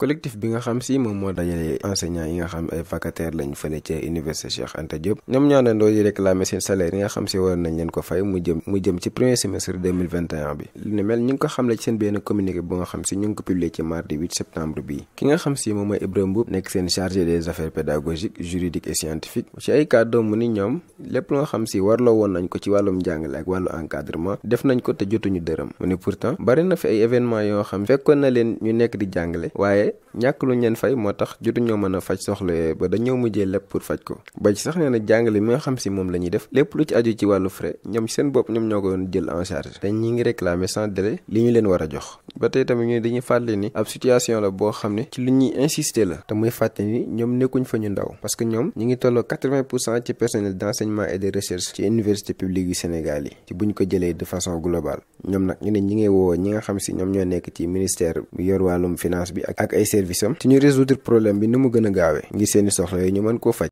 collectif bi nga xam si moom moo dajale enseignant yi nga xam ay vacataire lañ fële ca université Cheikh Anta Diop ñoom ñaanandoo di réclamer seen salaire yi nga xam si war nañ leen ko fay mu jëm mu jëm ci premier semestre 2021 bi lu ne mel ñu ngi ko xamle ci seen benn communiqué bu nga xam si ñu ngi ko publier ci mardi 8 septembre bi ki nga xam si moom mooy Ibrahima Mboup nekk seen chargé des affaires pédagogiques juridiques et scientifiques ci ay kàddoom mu ni ñoom lépp nga xam si warloo woon nañ ko ci wàllum njàngale ak wàllu encadrement def nañ ko te jotuñu dërëm mu ne pourtant bari na fi ay événement yoo xam fekkoon na leen ñu nekk di jàngale waaye ñàkk lu leen fay moo tax jotuñoo mën a faj soxla ba dañoo mujjee lépp pour faj ko ba ci sax nee na jàngale mi nga xam si moom la ñuy def lépp lu ci aju ci wàllu frais ñoom seen bopp ñoom ñoo ko doon jël en charge te ñi ngi réclamer sans délai li ñu leen war a jox ba tey tamit ñooy dañuy fàttali ni ab situation la boo xam ne ci lu ñuy insister la te muy fàttali ni ñoom nekkuñ fa ñu ndaw parce que ñoom ñu ngi tolloo 80 pour cent ci personnel d'enseignement et de recherche ci université publique yu Sénégal yi ci buñ ko jëlee de façon globale ñoom nag ñu ne ñi ngay woo ñi nga xam si ñoom ñoo nekk ci ministère bu yor wàllum finance bi ak ay service am ci ñu résoudre problème bi ni mu gën a gaawee ngir seeni soxla yi ñu mën koo faj